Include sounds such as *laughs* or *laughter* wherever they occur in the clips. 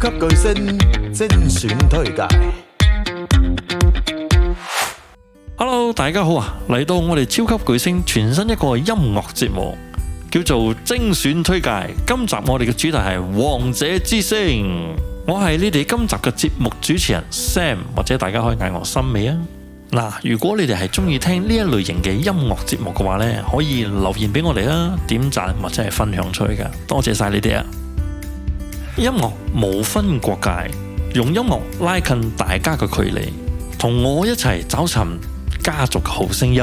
超級巨聲精選推介，Hello，大家好啊！嚟到我哋超級巨聲全新一個音樂節目，叫做精選推介。今集我哋嘅主題係王者之聲。我係你哋今集嘅節目主持人 Sam，或者大家可以嗌我森美啊。嗱，如果你哋係中意聽呢一類型嘅音樂節目嘅話呢，可以留言俾我哋啦，點讚或者係分享出去噶，多謝晒你哋啊！音樂無分國界，用音樂拉近大家嘅距離，同我一齊找尋家族嘅好聲音。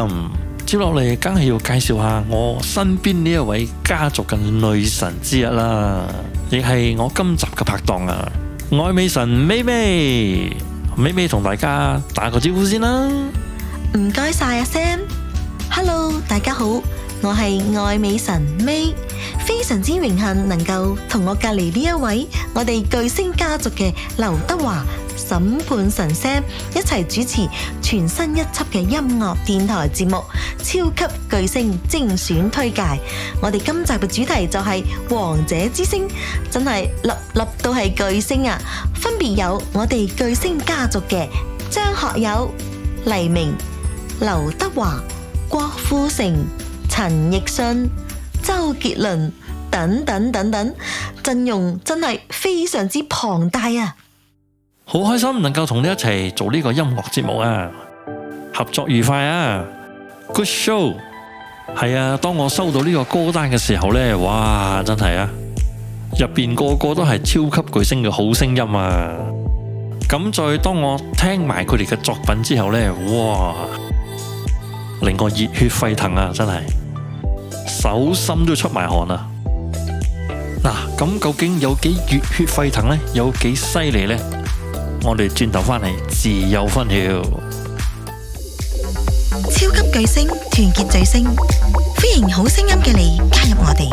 接落嚟，梗係要介紹下我身邊呢一位家族嘅女神之一啦,亦係我今集嘅拍檔啊，愛美神咪咪，咪咪同大家打個招呼先啦。唔該晒啊 Sam，Hello，大家好，我係愛美神咪。非常之榮幸能夠同我隔籬呢一位我哋巨聲家族嘅劉德華審判神聲一齊主持全新一輯嘅音樂電台節目超級巨聲精選推介。我哋今集嘅主題就係王者之聲，真係粒粒都係巨星啊！分別有我哋巨聲家族嘅張學友、黎明、劉德華、郭富城、陳奕迅、周杰倫等等等等，陣容真係非常之龐大啊！好開心能夠同你一齊做呢個音樂節目啊，合作愉快啊！Good show，係啊！當我收到呢個歌單嘅時候呢，哇，真係啊！入邊個個都係超級巨星嘅好聲音啊！咁再當我聽埋佢哋嘅作品之後呢，哇，令我熱血沸騰啊！真係。手心都出埋汗啦！嗱，咁究竟有幾熱血沸騰呢？有幾犀利呢？我哋轉頭翻嚟自有分曉。超級巨聲團結巨聲，歡迎好聲音嘅你加入我哋。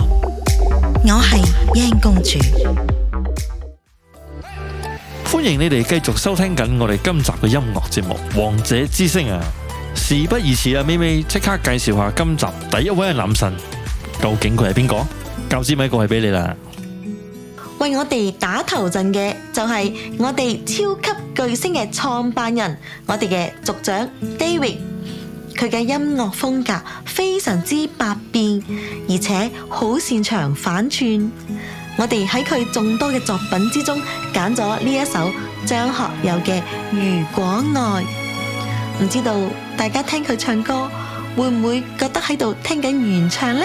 我係英公主，歡迎你哋繼續收聽緊我哋今集嘅音樂節目《王者之聲》啊！事不宜遲啊，咪咪即刻介紹下今集第一位嘅男神。究竟佢係邊個？教師咪過係俾你啦。為我哋打頭陣嘅就係我哋超級巨聲嘅創辦人，我哋嘅族長 David，佢嘅音樂風格非常之百變，而且好擅長反串。我哋喺佢眾多嘅作品之中揀咗呢一首張學友嘅《如果愛》，唔知道大家聽佢唱歌會唔會覺得喺度聽緊原唱呢？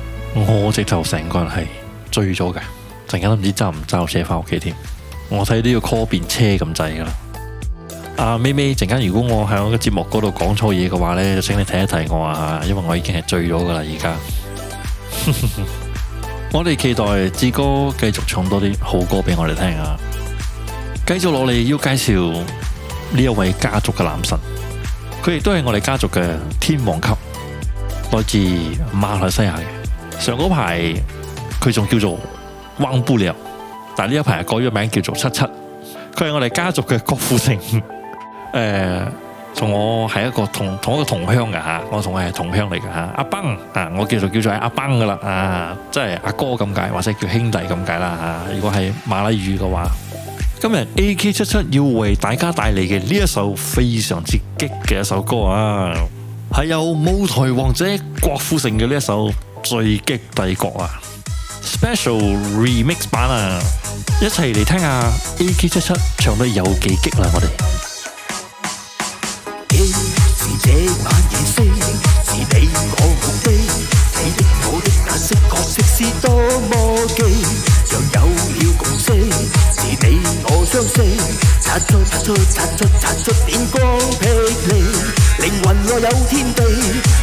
我直頭成個人係醉咗嘅，陣間都唔知揸唔揸車翻屋企添。我睇都要 call 變車咁滯噶啦。阿咪咪，陣間如果我喺我嘅節目嗰度講錯嘢嘅話咧，就請你睇一睇我啊，因為我已經係醉咗噶啦而家。 *laughs* 我哋期待志哥繼續唱多啲好歌俾我哋聽啊！繼續落嚟要介紹呢一位家族嘅男神，佢亦都係我哋家族嘅天王級，來自馬來西亞嘅。上嗰排佢仲叫做汪布爾，但係呢一排改咗名叫做七七，佢係我哋家族嘅郭富城，誒、欸，同我係一個同同一個同鄉嘅吓，我同佢係同鄉嚟嘅吓，阿崩，啊，我叫做叫做阿崩噶啦，啊，即係阿哥咁解，或者叫兄弟咁解啦吓，如果係馬拉語嘅話，今日 A K 七七要為大家帶嚟嘅呢一首非常之激嘅一首歌啊，係由舞台王者郭富城嘅呢一首。《最激帝國》啊，Special Remix 版啊，一齊嚟聽下 AK 七七唱得有幾激啦，我哋。是這晚夜色，是你我共的，你的我的顏色，角色是多麼奇，若有了共識，是你我相識，擦出擦出擦出擦出點光霹靂，靈魂內有天地。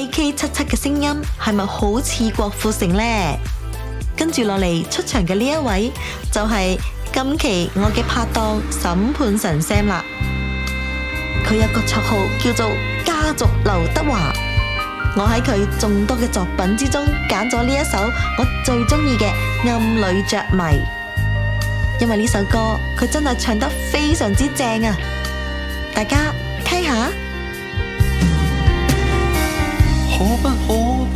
AK 七七嘅聲音係咪好似郭富城呢？跟住落嚟出場嘅呢一位就係今期我嘅拍檔審判神 Sam 啦。佢有個綽號叫做家族劉德華。我喺佢眾多嘅作品之中揀咗呢一首我最中意嘅《暗裏着迷》，因為呢首歌佢真係唱得非常之正啊！大家聽下。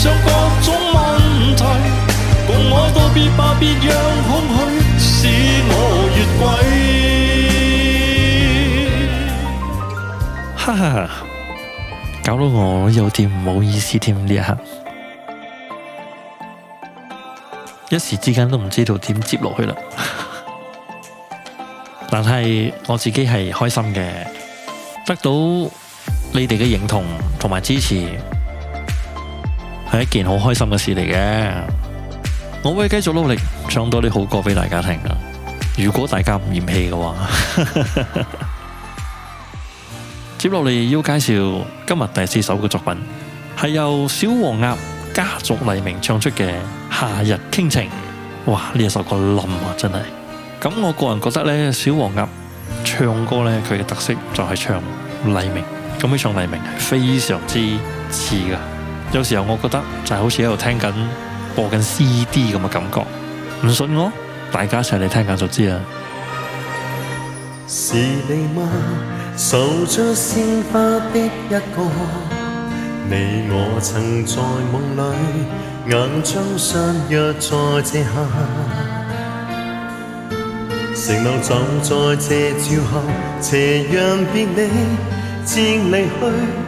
上各種問題，共我道別吧，別讓空虛使我越軌。哈哈，搞到我有啲唔好意思添，呢一刻，一時之間都唔知道點接落去啦。 *laughs* 但係我自己係開心嘅，得到你哋嘅認同同埋支持。係一件好開心嘅事嚟嘅，我會繼續努力唱多啲好歌畀大家聽。如果大家唔嫌棄嘅話， *laughs* 接落嚟要介紹今日第四首嘅作品，係由小黃鴨家族黎明唱出嘅《夏日傾情》。哇！呢首歌冧啊，真係。咁我個人覺得呢，小黃鴨唱歌呢，佢嘅特色就係唱黎明。咁佢唱黎明係非常之似㗎有時候我覺得就係好似喺度聽緊播緊 C D 咁嘅感覺，唔信我，大家一齊嚟聽下就知啦。是你嗎？手執鮮花的一個，你我曾在夢裏，暗中相約在這下，停留就在這朝霞，斜陽別你漸離去。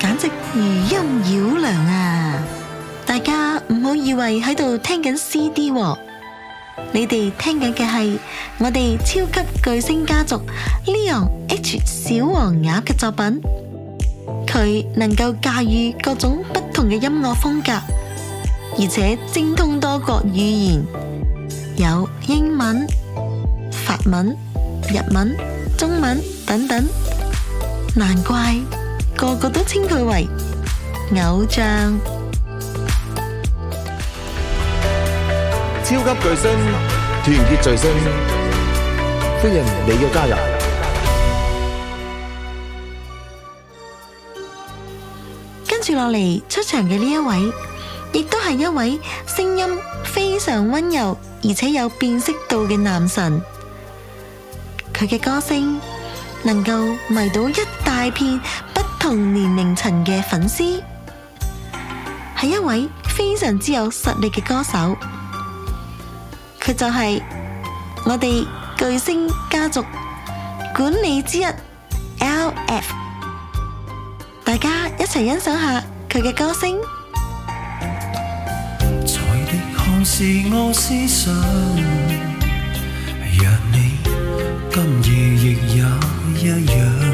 簡直餘音繞樑啊！大家唔好以為喺度聽緊 CD，你哋聽緊嘅係我哋超級巨聲家族 Leon H 小黃鴨嘅作品。佢能夠駕馭各種不同嘅音樂風格，而且精通多國語言，有英文、法文、日文、中文等等。難怪個個都稱佢為偶像，超級巨星，團結巨星，歡迎你嘅加入。跟住落嚟出場嘅呢一位，亦都係一位聲音非常溫柔而且有辨識度嘅男神，佢嘅歌聲能夠迷倒一。大片不同年齡層嘅粉絲，係一位非常之有實力嘅歌手，佢就係我哋巨星家族管理之一 LF，大家一齊欣賞下佢嘅歌聲。在滴汗是我思想，若你今夜亦有一樣。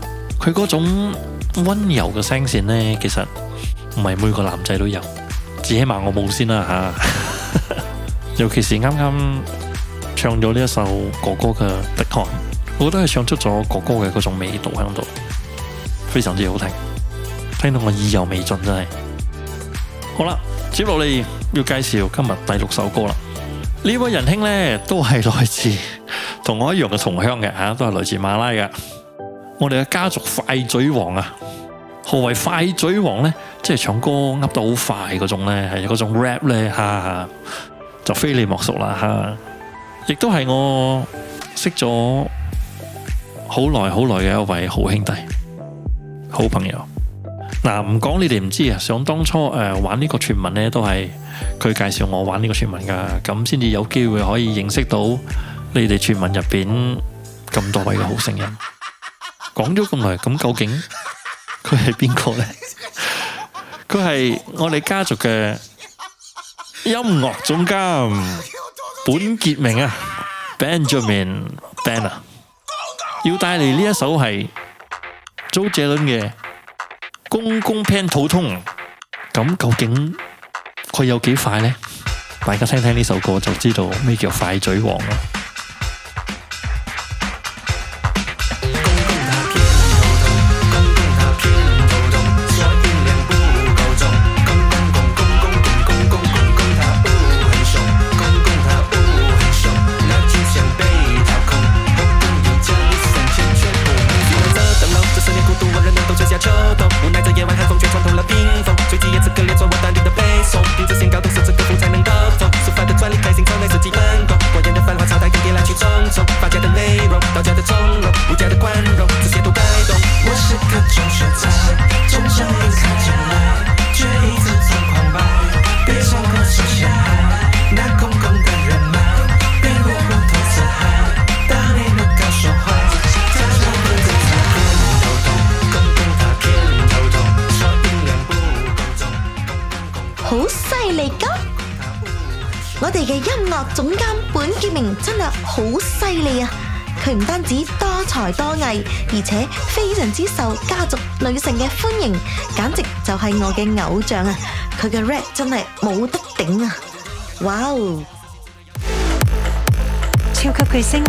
佢嗰種溫柔嘅聲線咧，其實唔係每個男仔都有，只起碼我冇先啦吓。啊、 *laughs* 尤其是啱啱唱咗呢一首哥哥嘅《Behind》，我覺得係唱出咗哥哥嘅嗰種味道喺度，非常之好聽，聽到我意猶未盡真係。好啦，接落嚟要介紹今日第六首歌啦。這位人呢位仁兄咧，都係來自同我一樣嘅同鄉嘅吓，都係來自馬拉嘅。我哋嘅家族快嘴王啊，何謂快嘴王咧？即係唱歌噏得好快嗰種咧，係嗰種 rap 咧，吓就非你莫屬啦吓！亦都係我識咗好耐好耐嘅一位好兄弟、好朋友。嗱，唔講你哋唔知啊，想當初誒玩呢個全民咧，都係佢介紹我玩呢個全民噶，咁先至有機會可以認識到你哋全民入邊咁多位嘅好聲音。講咗咁耐，咁究竟佢係邊個呢？佢係我哋家族嘅音樂總監本傑明啊，Benjamin Banner，要帶嚟呢一首係周杰倫嘅《公公偏頭痛》。咁究竟佢有幾快呢？大家聽聽呢首歌就知道咩叫快嘴王啦。佢唔單止多才多藝，而且非常之受家族女性嘅歡迎，簡直就係我嘅偶像啊！佢嘅 rap 真係冇得頂啊！哇哦，超級巨星，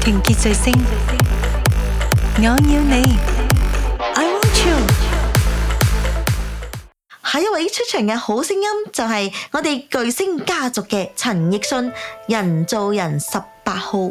團結巨星，我要你，I want you。下一位出場嘅好聲音就係我哋巨星家族嘅陳奕迅，人造人十八號。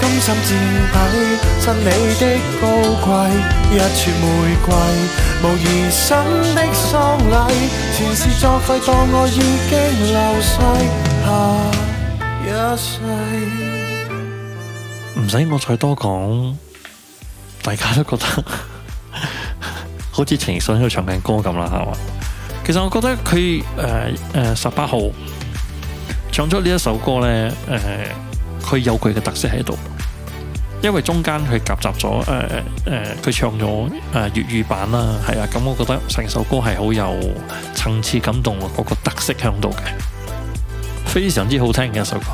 甘心墊底，襯你的高貴，一串玫瑰，無疑心的喪禮，前事作廢，當我已經流逝下一世。唔使我再多講，大家都覺得好似陳奕迅喺度唱緊歌咁啦，係嘛？其實我覺得佢誒誒十八號唱出呢一首歌咧，誒、呃。佢有佢嘅特色喺度，因為中間佢夾雜咗誒誒，佢唱咗誒粵語版啦，係啊，咁我覺得成首歌係好有層次、感動，嗰個特色響度嘅，非常之好聽嘅一首歌。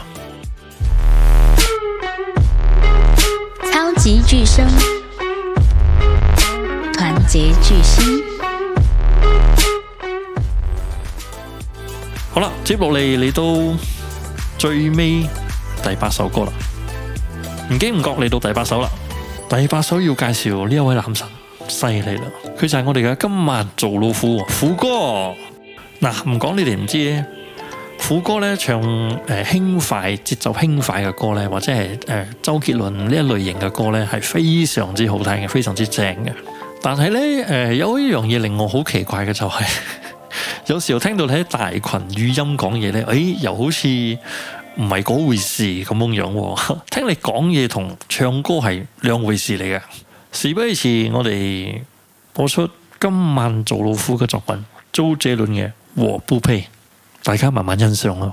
超級巨聲，團結巨聲，好啦，接落嚟嚟到最尾。第八首歌啦，唔經唔覺嚟到第八首啦。第八首要介紹呢一位男神，犀利啦！佢就係我哋嘅今晚做老虎，虎哥。嗱、啊，唔講你哋唔知咧，虎哥咧唱誒輕、呃、快節奏、輕快嘅歌咧，或者係誒、呃、周杰倫呢一類型嘅歌咧，係非常之好聽嘅，非常之正嘅。但係咧，誒、呃、有一樣嘢令我好奇怪嘅就係、是， *laughs* 有時候聽到你喺大群語音講嘢咧，誒、哎、又好似。唔係嗰回事咁樣樣喎，聽你講嘢同唱歌係兩回事嚟嘅。事不宜遲，我哋播出今晚做老虎嘅作品，周杰倫嘅《我不配》，大家慢慢欣賞咯。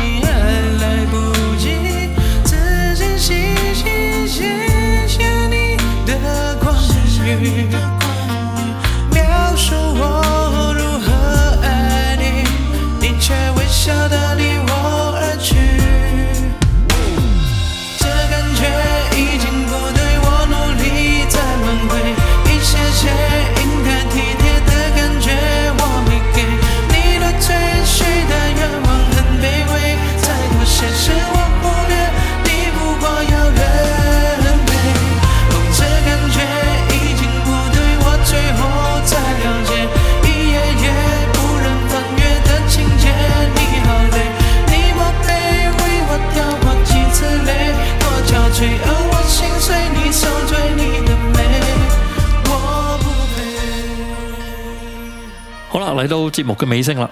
到節目嘅尾聲啦，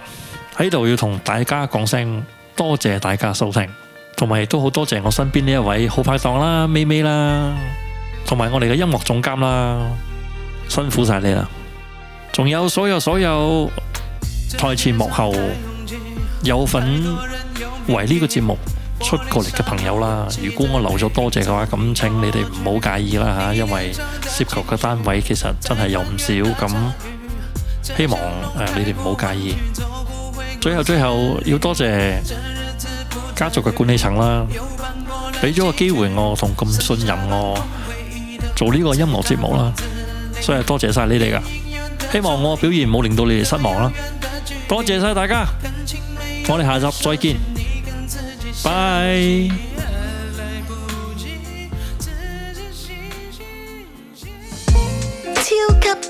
喺度要同大家講聲多謝大家收聽，同埋都好多謝我身邊呢一位好拍檔啦，咪咪啦，同埋我哋嘅音樂總監啦，辛苦晒你啦，仲有所有所有台前幕後有份為呢個節目出過力嘅朋友啦，如果我留咗多謝嘅話，咁請你哋唔好介意啦吓，因為涉及嘅單位其實真係有唔少咁。希望你哋唔好介意。最後最後，要多謝家族嘅管理層啦，俾咗個機會我同咁信任我做呢個音樂節目啦，所以多謝晒你哋㗎。希望我嘅表現冇令到你哋失望啦。多謝晒大家，我哋下集再見，拜。